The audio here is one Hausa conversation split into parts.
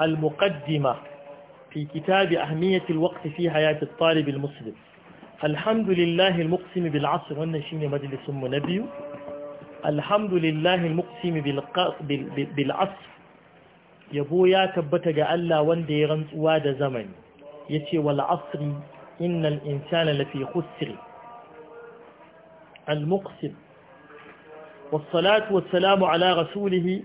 المقدمة في كتاب أهمية الوقت في حياة الطالب المسلم الحمد لله المقسم بالعصر والنشين مجلس منبي الحمد لله المقسم بالعصر يبو يا تبتغ ألا واندي غنس واد زمن يتي والعصر إن الإنسان لفي خسر المقسم والصلاة والسلام على رسوله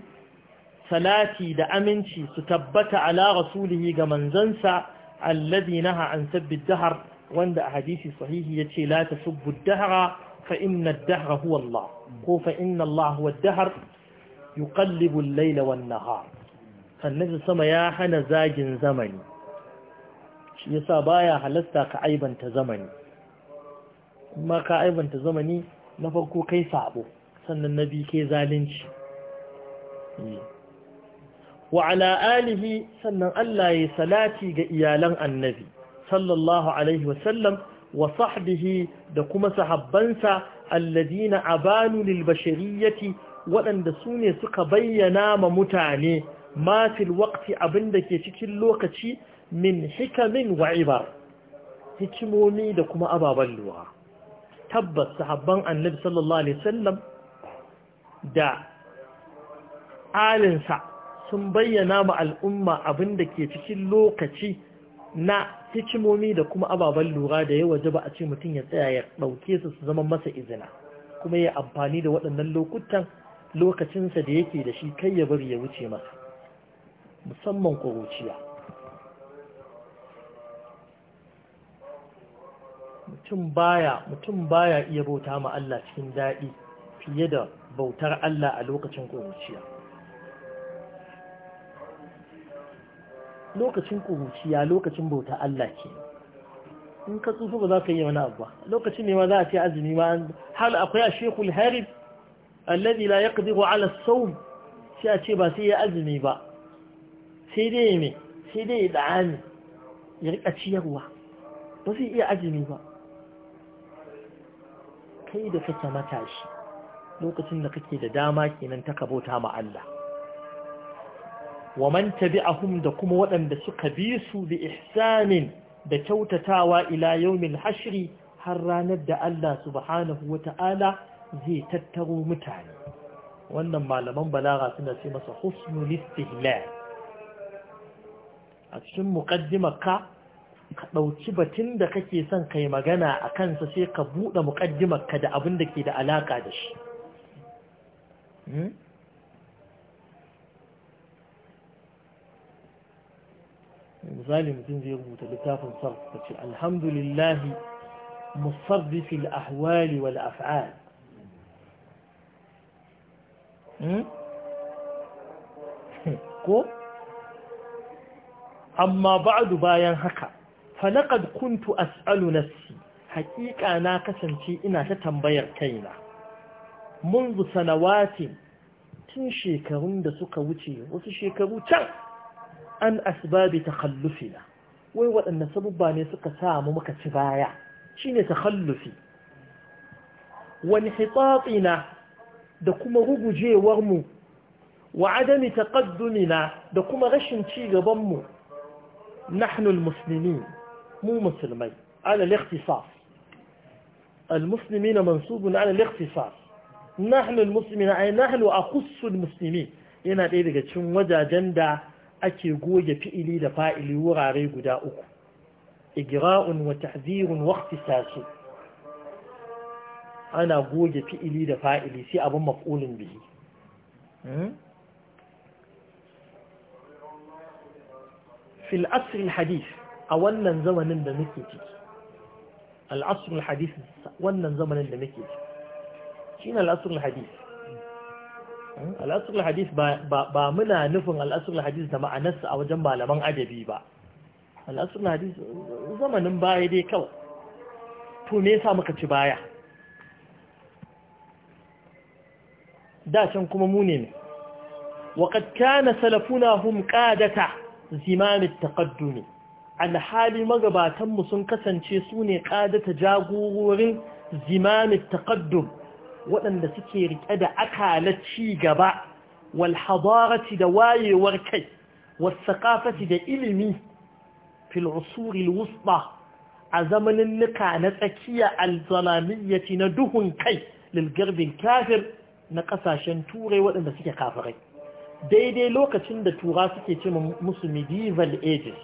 salati da aminci su tabbata ala rasulihi ga manzansa alladhi naha an sabbi dahar wanda a hadisi sahihi yace la tasubbu dahra fa inna ad-dahra huwa Allah ko fa inna Allah huwa ad-dahr yuqallibu al-layla wan-nahar sama ya hana zagin zamani shi yasa baya halasta ka aibanta zamani kuma ka aibanta zamani na farko kai sabo sannan nabi ke zalunci eh. wa ala alihi sannan Allah ya salati ga iyalan annabi sallallahu alaihi wasallam wa sahbihi da kuma sahabbansa alladina abanu lil bashariyati waɗanda su ne suka bayyana ma mutane ma fil waqti abinda ke cikin lokaci min hikamin wa ibar hikimomi da kuma ababen luwa tabbas sahabban annabi sallallahu alaihi wasallam da alinsa sun bayyana ma al'umma abin da ke cikin lokaci na hikimomi da kuma ababen lura da ya waje ba a ce mutum ya tsaya ya ɗauke su su zama masa izina kuma ya amfani da waɗannan lokutan lokacinsa da yake da shi kai ya bari ya wuce masa musamman ƙuruciya mutum baya mutum baya iya bauta ma Allah cikin daɗi fiye da bautar Allah a lokacin ƙuruciya lokacin kuhuciya lokacin bauta Allah ke in ka tsufa ba za ka yi wani abu ba lokacin ne ma za a ce azumi ma hal akwai a shekul harib alladhi la yaqdiru ala sawm sai a ce ba sai ya azumi ba sai dai ne sai dai ya da'ani ya rika ciyarwa ba zai iya azumi ba kai da kake matashi lokacin da kake da dama kenan ta kabota ma Allah wa man tabi'ahum da kuma waɗanda suka bi su bi ihsanin da kyautatawa ila yawmil hashri har ranar da Allah subhanahu wata'ala zai tattaro mutane wannan malaman balaga suna ce masa husnul istihlal a cikin muƙaddimarka, ka ka ɗauki batun da kake son kai magana a kansa sai ka buɗe muƙaddimarka da abin da ke da alaƙa da shi hmm? misali mutum zai rubuta littafin sarf alhamdu ce alhamdulillahi musarrifi al-ahwali wal af'al hmm? ko amma ba'du bayan haka falaqad kuntu as'alu nafsi haƙiƙa na kasance ina ta tambayar kaina منذ سنوات tun shekarun da suka wuce wasu shekaru can an asbabi na wai waɗanne sabubba ne suka samu maka ci baya shine takhallufi wani na da kuma rugujewar mu wa adami da kuma rashin ci gaban mu nahnu almuslimin mu musulmai ala al المسلمين منصوب على الاختصاص نحن المسلمين أي نحن أخص المسلمين yana ɗaya daga cikin wajajen da ake goge fi'ili da fa'ili wurare guda uku igra'un wa tahzirun wa ikhtisasu ana goge fi'ili da fa'ili sai abun maf'ulin bihi fil asril hadith a wannan zamanin da muke ciki al'asrul hadith wannan zamanin da muke ciki shine al'asrul hadith al'asrul hadis ba muna nufin al'asrul hadis da ma'anarsa a wajen malaman adabi ba al'asrul hadis zamanin baya dai kawai to me yasa muka ci baya da can kuma mu ne وقد كان سلفنا ƙadata قادة زمام التقدم alhali magabatanmu sun kasance su ne ƙadata jagorin zimamin takaddum waɗanda suke riƙe da akala ci gaba wal da wayewar kai was da ilimi fil usur a zamanin nuka na tsakiya al na duhun kai lil kafir na kasashen turai waɗanda suke kafirai daidai lokacin da tura suke ce musu medieval ages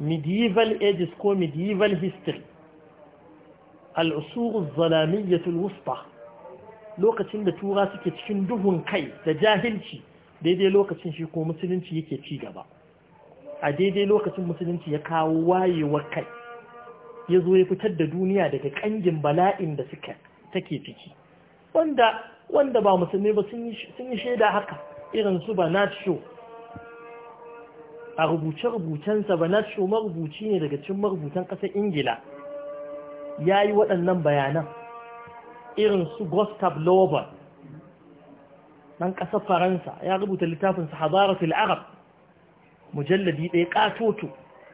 medieval ages ko medieval history al'usuru zalamiyyatul wusta lokacin da tura suke cikin duhun kai da jahilci daidai lokacin shi ko musulunci yake ci gaba a daidai lokacin musulunci ya kawo wayewar kai ya zo ya fitar da duniya daga kangin bala'in da suka take ciki wanda wanda ba musulmi ba sun yi shaida haka irin su ba banaccio a rubuce-rubucensa ba banaccio marubuci ne daga cikin marubutan ƙasar ingila ya yi waɗannan bayanan irin su gustav lobar ɗan ƙasar faransa ya rubuta littafin littafinsa hazaratul arab mujalladi ɗaya ƙatoto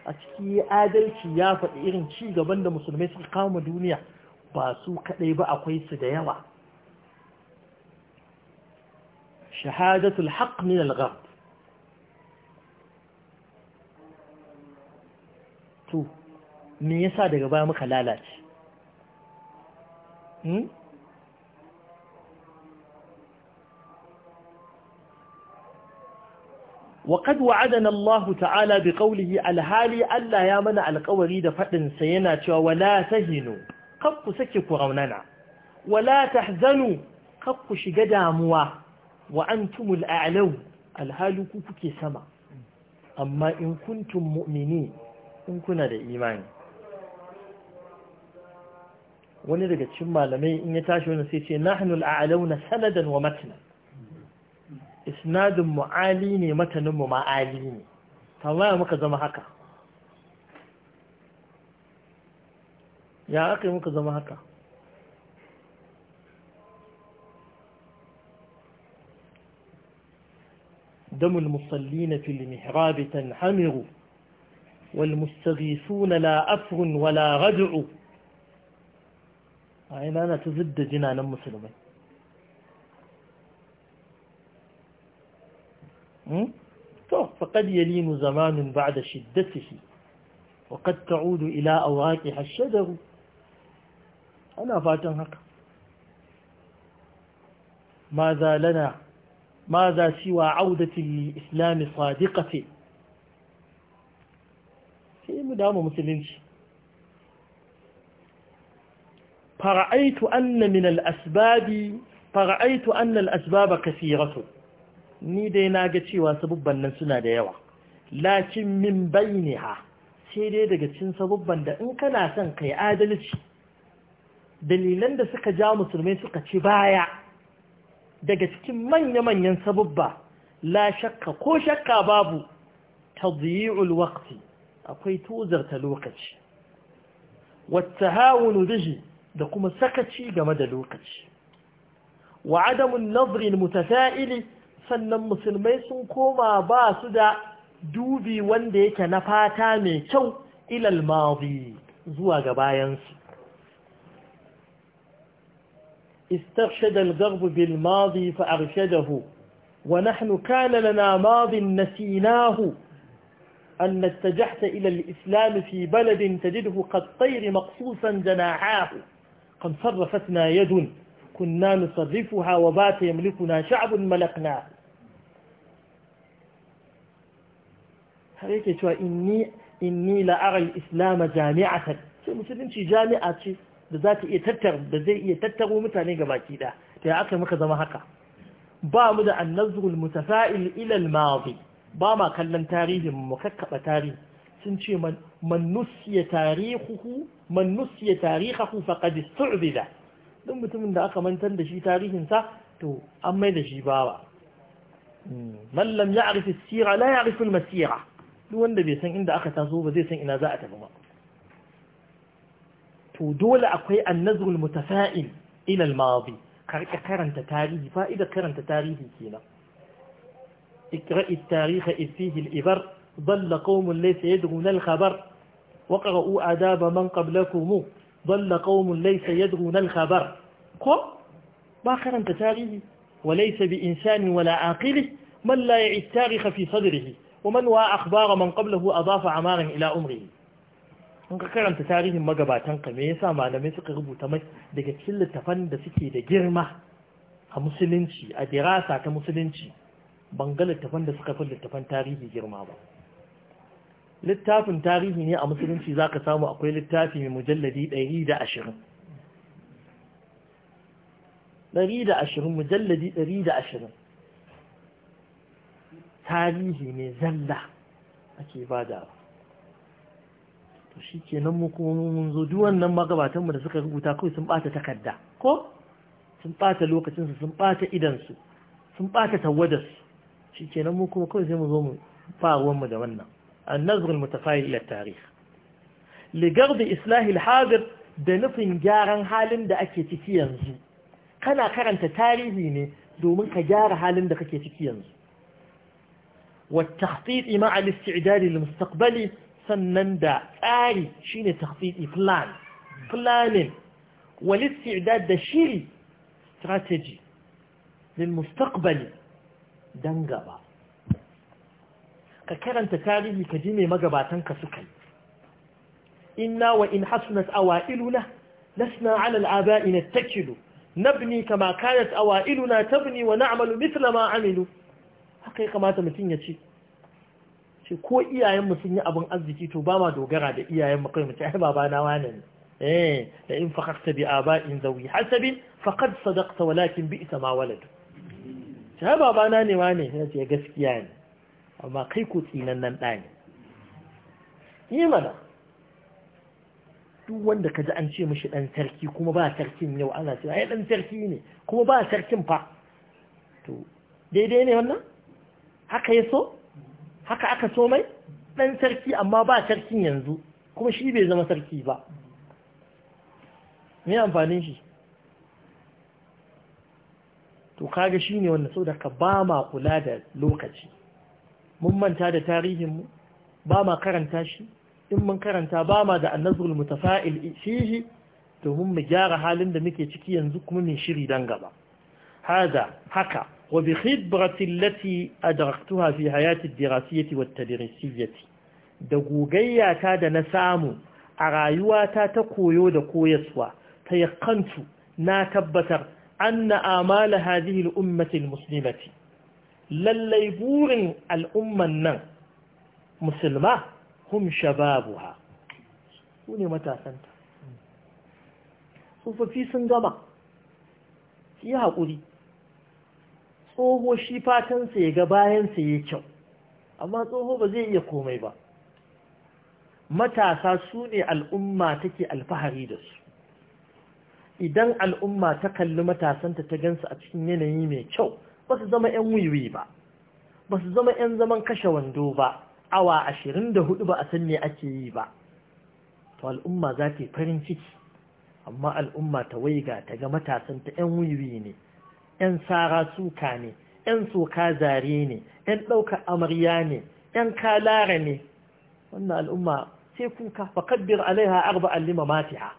a ciki adalci ya faɗi irin ci gaban da musulmai suka kama duniya ba su kaɗai ba akwai su da yawa shahadatul haq min al-ghab to me yasa daga baya muka lalace وقد وعدنا الله تعالى بقوله Alhali Allah ya mana منا da ده فدن yana cewa wala tahinu kakku saki raunana wala tahzanu kakku shiga damuwa wa antumul a'lau alhalu ku kuke sama amma in kuntum mu'minin in kuna da imani wani daga cikin malamai in ya tashi wani sai ce nahnu al'alauna sanadan wa matna isnadun mu'ali ne matanin mu ma'ali ne tambaya muka zama haka ya aka muka zama haka دم المصلين في المحراب تنحمر والمستغيثون لا أفر ولا ردع a ina na ta zidda nan musulmai hmm? to faƙad ya limu zamanin ba da shiddatihi waƙad ta'udu ila a waƙi hashadaru ana fatan haka ماذا لنا ماذا سوى عودة الإسلام sai mu damu musulunci. فرأيت أن من الأسباب فرأيت أن الأسباب كثيرة نيدي ناقتي وسببا ننسنا ديوة لكن من بينها سيدي دقتين سببا دا kana كان سنقي آدلتي dalilan da suka ja musulmai suka ci baya daga cikin manya-manyan sababba la shakka ko shakka babu tadyi'ul wakti akwai tuzarta lokaci wata hawunu bihi دقوم سكتشي جمع دلوكتش وعدم النظر المتفائل فالنمس الميسون كوما باسدا دوبي واندي كنفاتامي شو إلى الماضي زوى جبايانس استرشد الغرب بالماضي فأرشده ونحن كان لنا ماض نسيناه أن اتجحت إلى الإسلام في بلد تجده قد طير مقصوصا جناحاه قد صرفتنا يد كنا نصرفها وبات يملكنا شعب ملكنا هريك شوى إني إني لأرى الإسلام جامعة مسلم شي جامعة شي da za ta iya tattaro da zai iya tattaro mutane ga baki da ta aka muka zama haka ba mu da annazrul mutafa'il ilal al-madi ba ma kallon tarihin mu tarihi sun ce man nusiya من نسي تاريخه فقد استعبده دم تمن ده أخا من تندشي تاريخن سا تو أما يدشي بابا من لم يعرف السيرة لا يعرف المسيرة دو أنده بيسن إن ده أخا تزوب دي سن إنا زاعته بما تو دول أقوي النظر المتفائل إلى الماضي كاريك كارنت تاريخ فائدة كارنت تاريخ كينا اقرأ التاريخ إذ فيه الإبر ظل قوم ليس يدغون الخبر وقرؤوا آداب من قبلكم ضل قوم ليس يدرون الخبر كو باخرا تتاريه وليس بإنسان ولا عاقله من لا يعي التاريخ في صدره ومن وا أخبار من قبله أضاف عمارا إلى أمره in ka karanta tarihin magabatanka me yasa malamai suka rubuta mai daga cikin littafan da suke da girma a musulunci a dirasa ta musulunci ban ga littafan da suka fi littafan tarihi girma ba littafin tarihi ne a musulunci za ka samu akwai littafi mai mujalladi 120 120 mujalladi 120 tarihi ne zalla ake badawa to shi ke nan mun zo duwannan magabatanmu da suka rubuta kawai sun bata takarda ko sun bata lokacinsu sun bata idansu sun bata tawadarsu shi ke nan mu kuma kawai sai mu zo mu faruwanmu da wannan النظر المتفائل إلى التاريخ لقرض إصلاح الحاضر دنفن جاراً حالاً دا أكي تكياً زو كان أكراً تتاريخيني دو منك جار حالاً دا أكي تكياً زو والتخطيط مع الاستعداد للمستقبل سنن دا آري شيني تخطيطي فلان فلانين والاستعداد دا شيري استراتيجي للمستقبل دنقبار ka karanta tarihi ka ji mai magabatan ka suka yi inna wa in hasunat awailuna lasna ala al'aba'i nattakilu nabni kama kanat awailuna tabni wa na'malu mithla ma amilu haka ya kamata mutum ya ce ce ko iyayenmu sun yi abin arziki to ba ma dogara da mu kai mu ai baba na wane ne eh da in faqaqta bi aba'in zawi hasabin faqad sadaqta walakin bi'sa ma walad ce ai baba na ne wane ne ce gaskiya ne amma kai ko tsinan nan ɗa yi mana duk wanda ka ji an ce mashi ɗan sarki kuma ba sarkin yau ana ce ai ɗan sarki ne kuma ba sarkin fa to daidai ne wannan haka ya so haka aka so mai ɗan sarki amma ba sarkin yanzu kuma shi bai zama sarki ba me amfanin shi to kaga shine wannan so da ka ba ma kula da lokaci mun manta da tarihinmu ba ma karanta shi in mun karanta ba ma da annazrul mutafa'il fihi domin mu gyara halin da muke ciki yanzu kuma mai shiri dan gaba hada haka wa bi khibrati allati adraktuha fi hayati ad-dirasiyyati da tadrisiyyati da gogayyata da na samu a rayuwata ta koyo da koyaswa ta yakantu na tabbatar anna amala hadhihi al-ummati al-muslimati lallai burin al'umman nan musulma hum ha su ne matasanta tsofaffi sun gama yi haƙuri tsoho shi fatansa ya ga bayansa ya kyau amma tsoho ba zai iya komai ba matasa su ne al'umma take alfahari da su idan al'umma ta kalli matasanta ta gansu a cikin yanayi mai kyau ba su zama 'yan wiwi ba ba su zama 'yan zaman kashe wando ba awa ashirin da hudu ba a san me ake yi ba to al'umma za ta yi farin ciki amma al'umma ta waiga ta ga matasan ta 'yan wiwi ne 'yan sara suka ne 'yan soka zare ne 'yan ɗauka amarya ne 'yan kalara ne wannan al'umma sai kuka fakabbir alaiha arba'an lima matiha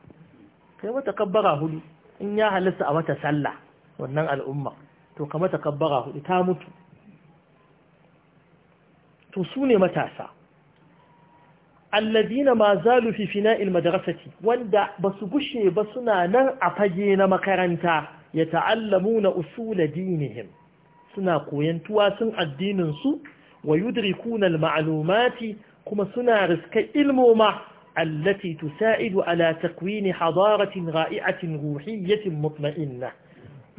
kai mata kabbara hudu in ya halitta a mata sallah wannan al'umma to ka mata kabbara hudu ta mutu to su ne matasa alladina ma zalu fi fina'il madrasati wanda basu gushe ba suna nan a fage na makaranta ya ta'allamuna usula dinihim suna koyan sun addinin su wa yudrikuna al-ma'lumati kuma suna riska ilmoma allati tusa'idu ala takwini hadaratin ra'i'atin ruhiyyatin mutma'inna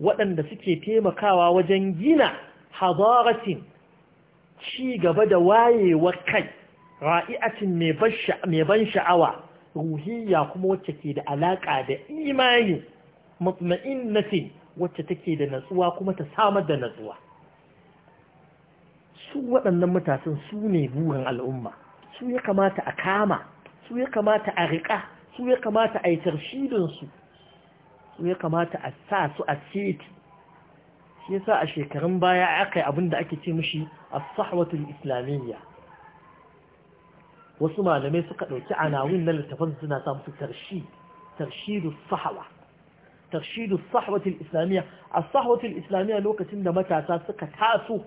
waɗanda suke taimakawa wajen gina hadaratin ci gaba da wayewar kai ra'iatin mai ban sha'awa ruhiyya kuma wacce ke da alaƙa da imani mutmainnatin wacce take da natsuwa kuma ta samar da natsuwa su waɗannan matasan su ne burin al'umma su ya kamata a kama su ya kamata a riƙa su ya kamata a yi tarshidinsu su ya kamata a sa su a seti shi sa a shekarun baya aka yi abun da ake ce mushi a sahwatul islamiyya wasu malamai suka ɗauki anawin na littafin suna sa musu tarshi tarshidu sahwa tarshidu sahwatul islamiyya a sahwatul islamiyya lokacin da matasa suka taso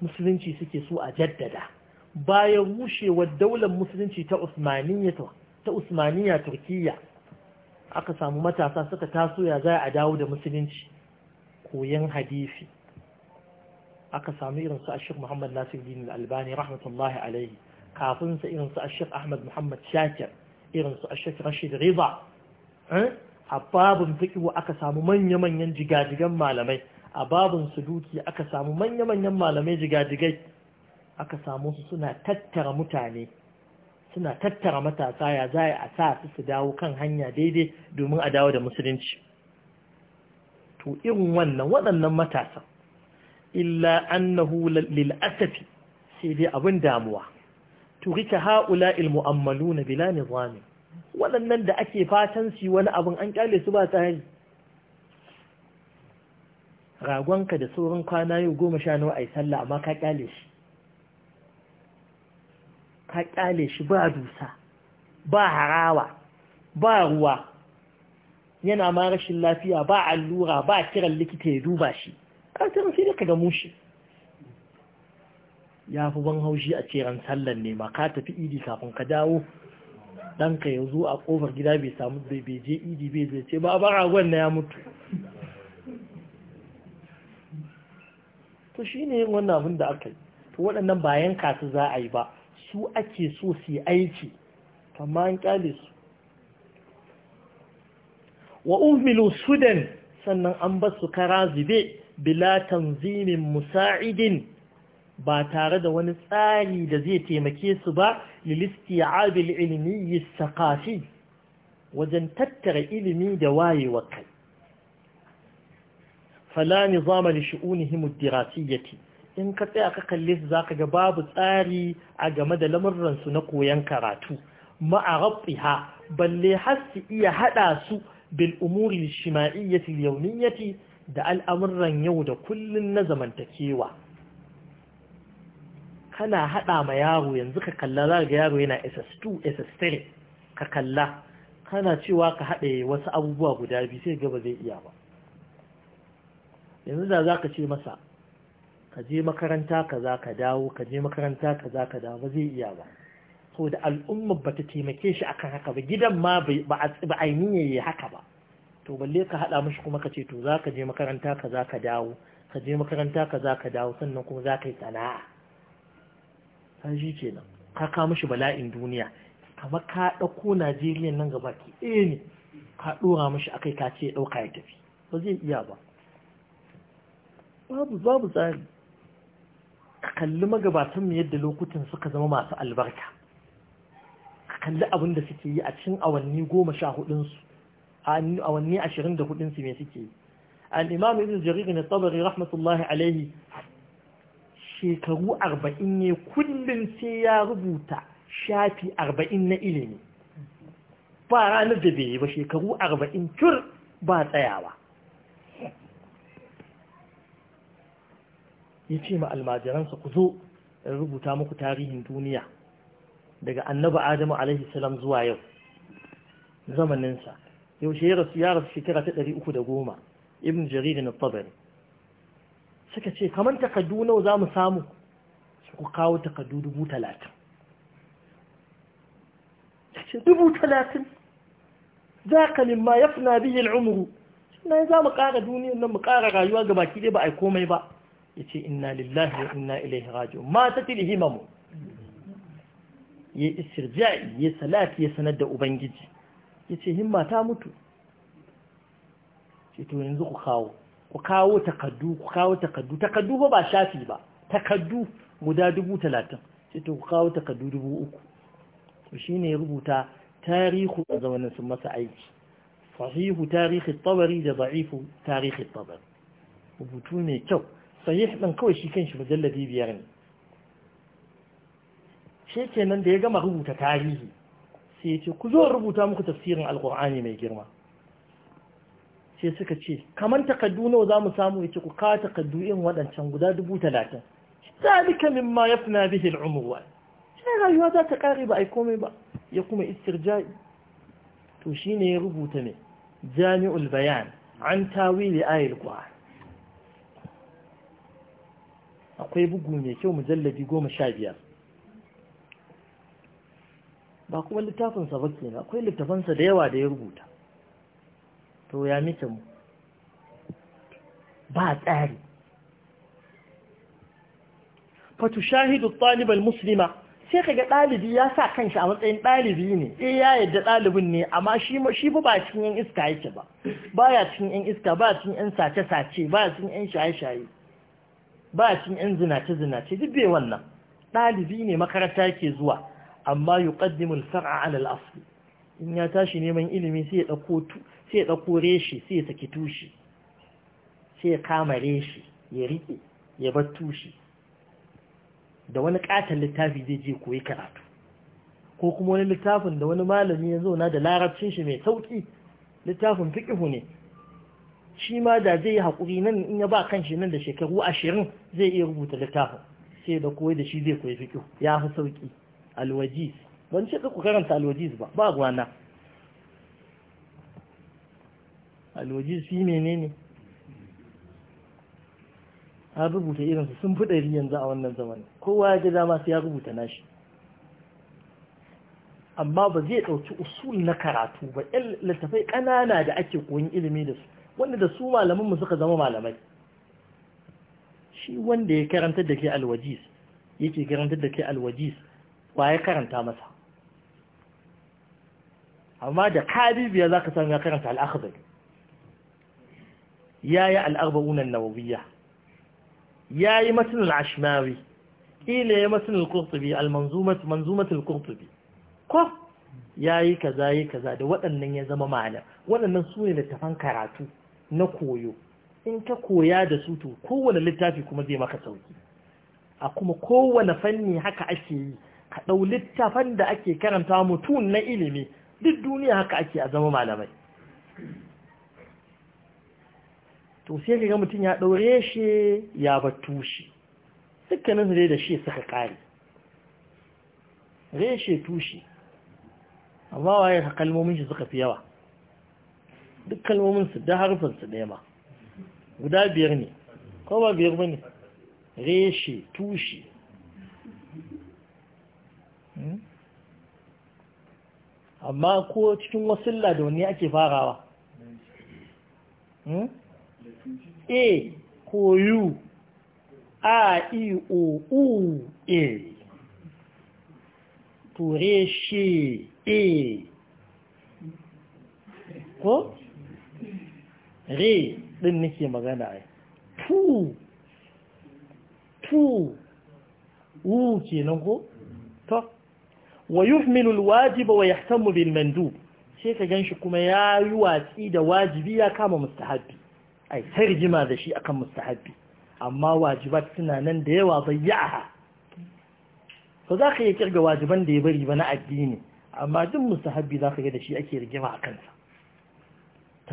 musulunci suke so a jaddada bayan rushewar daular musulunci ta usmaniya turkiyya aka samu matasa suka taso ya za a dawo da musulunci koyan hadisi aka samu irin su ashir muhammad Nasir nasiruddin albani rahmatullahi alaihi kafin sa su ashir ahmad muhammad shakir su ashir rashid riba eh? a babin fikiwa aka samu manya-manyan jigajigan malamai a babin suduki aka samu manya-manyan malamai jigajigai aka samu su suna tattara mutane suna tattara matasa ya za a sa su su dawo kan hanya daidai domin a dawo da musulunci to irin wannan waɗannan matasa illa annahu lil asafi sai dai abin damuwa To turika haula il mu'ammaluna bila nizami waɗannan da ake fatan su wani abin an kyale su ba tsari ragonka da sauran kwana yau goma sha nawa ai sallah amma ka kyale shi ka ƙyale shi ba dusa ba harawa ba ruwa yana ma rashin lafiya ba allura ba kiran likita ya duba shi ƙasirin sai da ka gamu shi ya fi ban haushi a ceren sallan ne ma ka tafi idi kafin ka dawo ɗanka ya zo a ƙofar gida bai samu bai je idi bai zai ce ba a bara na ya mutu to shi ne wannan abin da aka yi to waɗannan bayan kasu za a yi ba su ake so su aiki amma an kyale su wa Umilu sudan sannan an ba su kara zube bila tanzimin musa'idin ba tare da wani tsari da zai taimake su ba ilimi ilmi sakafi wajen tattara ilimi da wayewa kai falani nizama li shu'unihim ad-dirasiyyati in ka tsaya ka kalle su zaka ga babu tsari a game da lamurransu na koyon karatu ha balle har su iya hada su bil umuri shima'iyyati yawmiyyati da al'amuran yau da kullun na zamantakewa kana hada ma yaro yanzu ka kalla za ga yaro yana SS2 SS3 ka kalla kana cewa ka hada wasu abubuwa guda biyu sai gaba zai iya ba yanzu da ka ce masa ka je makaranta ka za ka dawo ka je makaranta ka za ka dawo ba zai iya ba so da al'umma ba ta taimake shi akan haka ba gidan ma ba a yi haka ba to balle ka haɗa mashi kuma ka ce to za ka je makaranta ka za ka dawo ka je makaranta ka za ka dawo sannan kuma za ka yi sana'a ta shi kenan ka kawo mashi bala'in duniya kamar ka ɗauko najeriya nan gaba ke ɗaya ne ka ɗora mashi akai ka ce ɗauka ya tafi ba zai iya ba babu babu tsari kalli magabatan mu yadda lokutan suka zama masu albarka ka kalli abin da suke yi a cikin awanni goma sha hudunsu awanni ashirin da hudunsu mai suke yi Al-Imam ibn jarir na tabari rahmatullahi alaihi shekaru arba'in ne kullum sai ya rubuta shafi arba'in na ilimi ba ranar da bai yi ba shekaru arba'in tur ba tsayawa ya ce ma almajiransa ku zo in rubuta muku tarihin duniya daga annabi adamu alaihi salam zuwa yau zamaninsa yaushe ya rasu ya rasu shekara ta ɗari uku da goma ibn jaridin na tabari suka ce kamar takardu nawa za mu samu ku kawo takardu dubu talatin ce dubu talatin za ka limma ya fi na biyin umuru sannan za mu ƙara duniyan nan mu ƙara rayuwa ga baki ɗaya ba a komai ba yace inna lillahi wa inna ilaihi raji'un ma himamu ya istirja'i ya salati ya sanar da ubangiji yace himma ta mutu ce to yanzu ku kawo ku kawo takaddu ku kawo takaddu takaddu ba ba shafi ba takaddu guda dubu talatin to ku kawo takaddu dubu uku to shine ya rubuta tarihu a zamanin sun masa aiki sahihu tarihi tabari da za'ifu tarihi tabari rubutu mai kyau sahih ɗin kawai shi kanshi mujalladi biyar ne shi da ya gama rubuta tarihi sai ya ce ku zo rubuta muku tafsirin alkur'ani mai girma sai suka ce kaman takaddu nawa za mu samu ya ku kawo takaddu in waɗancan guda dubu talatin zalika mimma yafna bihi al'umruwa sai rayuwa za ta ƙare ba ai yi komai ba ya kuma istirja'i to shine ya rubuta ne jami'ul bayan an tawili ayil qur'an akwai bugu mai kyau mujalladi goma sha biyar ba kuma littafinsa ba ke akwai littafansa da yawa da ya rubuta to ya mita mu ba tsari fatu shahidu musulma sai kaga ɗalibi ya sa kanshi a matsayin ɗalibi ne e ya yadda ɗalibin ne amma shi shi ba cikin yan iska yake ba ya cikin yan iska ba cikin yan sace-sace ba cikin yan shaye-shaye ba cin yan zinace zinace duk bai wannan ɗalibi ne makaranta ke zuwa amma yuqaddimu al-far'a 'ala al in ya tashi neman ilimi sai ya dauko sai ya reshi sai ya saki tushi sai ya kama reshi ya riƙe ya bar tushe. da wani ƙatan littafi zai je koyi karatu ko kuma wani littafin da wani malami ya zauna da larabcin shi mai sauƙi? littafin fiƙihu ne shi ma da zai yi haƙuri nan in ya ba kan shi nan da shekaru ashirin zai iya rubuta littafin sai da koyi da shi zai koyi fiƙo ya fi sauƙi alwajiz ban ce ku karanta alwajiz ba ba gwana alwajiz shi menene a rubuta irinsu sun fi ɗari yanzu a wannan zamanin kowa ya ga dama sai ya rubuta nashi amma ba zai ɗauki usul na karatu ba littafai ƙanana da ake koyin ilimi da su wanda da su malaman suka zama malamai shi wanda ya karanta da ke alwajis yake karanta da ke alwajis ba ya karanta masa amma da kabibiya za ka samu ya karanta al'akhbar ya yi al'arba'unan nawawiya ya yi matunan ashimari ƙila ya matunan kurtubi al-manzumatul kurtubi ko ya yi kaza yi kaza da waɗannan ya zama ma'ana waɗannan su ne littafan karatu na koyo in ka koya da su to kowane littafi kuma zai maka sauki a kuma kowane fanni haka ake yi ka ɗau littafan da ake karanta mutum na ilimi duk duniya haka ake a zama malamai to sai ka ga mutum ya ɗaure shi ya batushi shi dukkanin da shi suka kare reshe tushe amma waye kalmomin shi suka fi yawa duk kalmomin su da harfin su ɗaya ma guda biyar ne ko ba biyar ba reshe tushe hmm? amma ko cikin wasu da wani ake farawa hmm? a ko u a i o u a e. to reshe a e. ko re ɗin nake magana ai tu tu ke nan ko to wa yuhmilu alwajiba wa yahtamu bil mandub she ka ganshi kuma yayi watsi da wajibi ya kama mustahabbi ai sai rigima da shi akan mustahabi amma wajibat suna nan da yawa bayyaha ba za ka iya kirga wajiban da ya bari ba na addini amma duk mustahabi za ka ga da shi ake rigima a kansa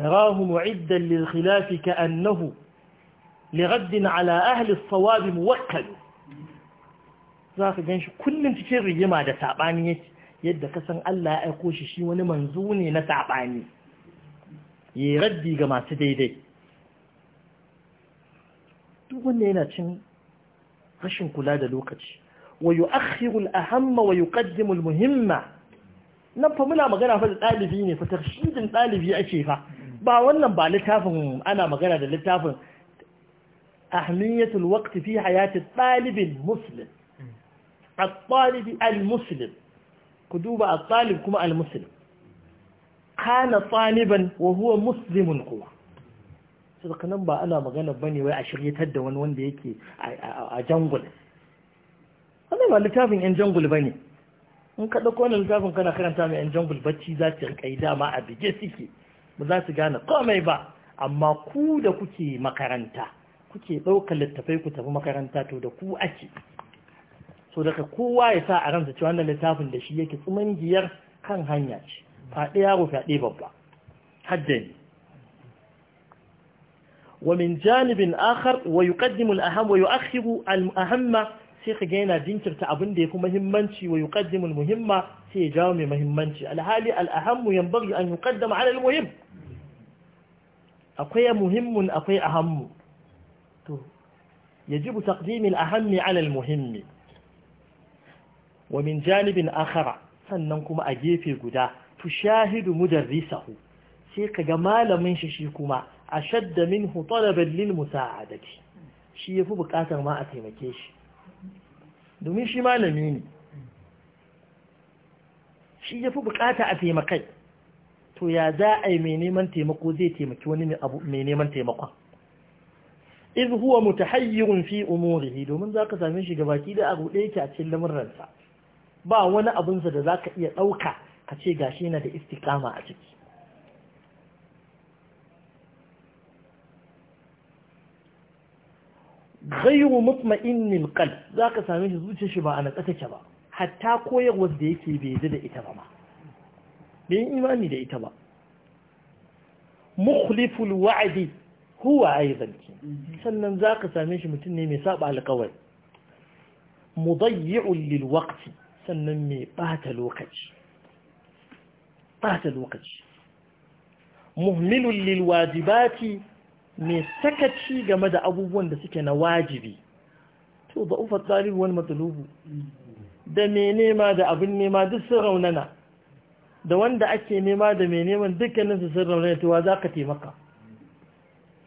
Yarahu تراه معدا للخلاف كأنه لرد على أهل الصواب موكل za ka gan shi kullum cikin rigima da saɓani yake yadda ka san Allah ya aiko shi shi wani manzo ne na saɓani ya raddi masu daidai duk wanda yana cin rashin kula da lokaci wa yu'akhiru al-ahamma wa yuqaddimu al-muhimma nan fa muna magana fa da ɗalibi ne fa tarshidin ɗalibi ake fa ba wannan ba littafin ana magana da littafin ahmiyatul waqti fi hayati talibin muslim at-talibi al-muslim ku duba at-talib kuma al-muslim kana taliban wa huwa muslimun kuwa sadaka ba ana magana bane wai a shiryatar da wani wanda yake a jangul wannan ba littafin yan jangul bane in ka dauko wannan littafin kana karanta mai yan jangul bacci za ta rika dama a bige suke ba za su gane komai ba amma ku da kuke makaranta kuke ɗaukar littafai ku tafi makaranta to da ku ake so daga kowa ya sa a ransa cewa wannan littafin da shi yake tsumangiyar kan hanya ce faɗi yaro faɗi babba ne wa min جانب akar wa الأهم ويؤخر ahamma sai ka ga yana jinkirta abin da ya fi muhimmanci wa yuqaddimu muhimma sai ya jawo mai muhimmanci alhali al yanbaghi an yuqaddama ala al-muhim akwai muhimmun akwai ahammu to yajibu taqdim al-ahammi ala al-muhimmi wa min janibin akhara sannan kuma a gefe guda tushahidu mudarrisahu sai kaga malamin shi shi kuma ashadda minhu talaban lil musa'adati shi yafi bukatar ma a taimake shi domin shi malami ne shi ya fi bukata a taimakai to ya za a yi mai neman taimako zai taimaki wani mai neman taimakon iz huwa mutahayyirun fi umurihi domin zaka same shi ga baki da abu ɗaya yake a cikin lamurransa ba wani abunsa da za ka iya ɗauka ka ce gashi yana da istikama a ciki غير مطمئن القلب ذاك ساميش زوجة شبا أنا أتكبا حتى كوية وزيكي بيزد إتبا ما بين إيماني دي مخلف الوعد هو أيضا سنن ذاك ساميش متنه مساب على قوي مضيع للوقت سنن مي بات الوقت بات الوقت مهمل للواجبات mai sakaci game da abubuwan da suke na wajibi to da ufa tsari wani matsulubu da mai nema da abin nema duk sun raunana da wanda ake nema da mai neman dukkanin su sun raunana tuwa za ka taimaka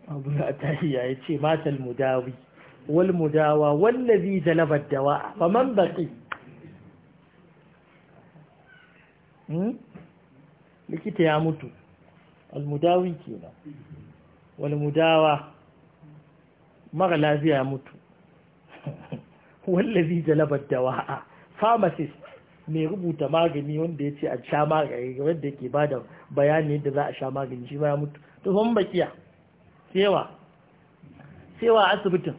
abu na tahiya ya ce matal mudawi wal mudawa wallazi da dawa ba man baki hmm? likita ya mutu al mudawi kenan wal mudawa mara lafiya mutu wallazi jalabar dawa'a pharmacist mai rubuta magani wanda ya ce a sha magani wanda ke ba da bayani yadda za a sha magani shi ma ya mutu to ban bakiya sewa sewa asibitin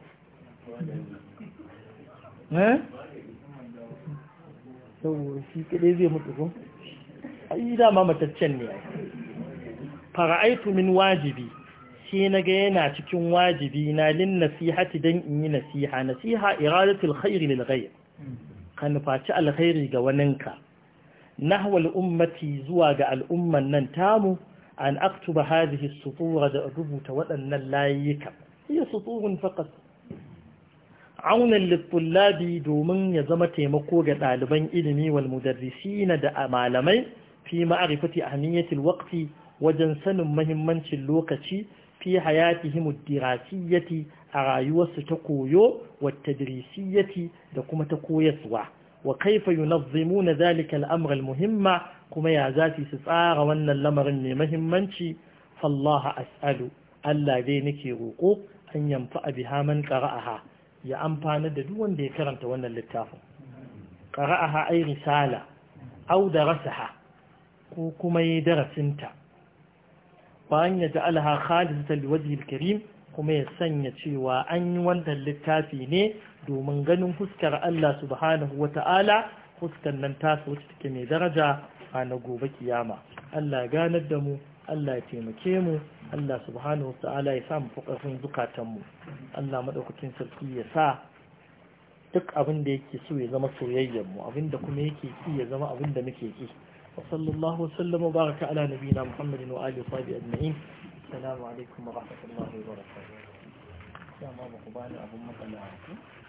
saboda eh? shi kadai zai mutu ko ai dama mataccen ne fara'aitu min wajibi sai na ga yana cikin wajibi na lin nasihati dan in yi nasiha nasiha iradatul khairi lil ghayr ka nufaci alkhairi ga waninka nahwal ummati zuwa ga al'umman nan tamu an aktuba hadhihi as-sutura da rubuta waɗannan layika hiya suturun faqat aunan littullabi domin ya zama taimako ga ɗaliban ilimi wal mudarrisina da malamai fi ma'arifati ahmiyatil waqti wajen sanin mahimmancin lokaci fi hayatihim ad-dirasiyyati a rayuwarsu ta koyo wa tadrisiyyati da kuma ta koyaswa wa kaifa yunazzimuna zalika al-amr al-muhimma kuma ya zafi su tsara wannan lamarin mai muhimmanci fallaha as'alu Allah dai nake roƙo an yamfa biha man qara'aha ya amfana da duk wanda ya karanta wannan littafin qara'aha ay risala aw darasaha ko kuma yi darasinta bayan ya ja'alaha khalisatan liwajhil karim kuma ya sanya cewa an yi wannan littafi ne domin ganin huskar Allah subhanahu wata'ala huskar nan tasa wacce take mai daraja a na gobe kiyama Allah ya ganar da mu Allah ya taimake mu Allah subhanahu wata'ala ya sa mu fukarin zukatan mu Allah madaukakin sarki ya sa duk abin da yake so ya zama soyayyen mu abin da kuma yake ki ya zama abin da muke ki وصلى الله وسلم وبارك على نبينا محمد وآله وصحبه أجمعين السلام عليكم ورحمة الله وبركاته.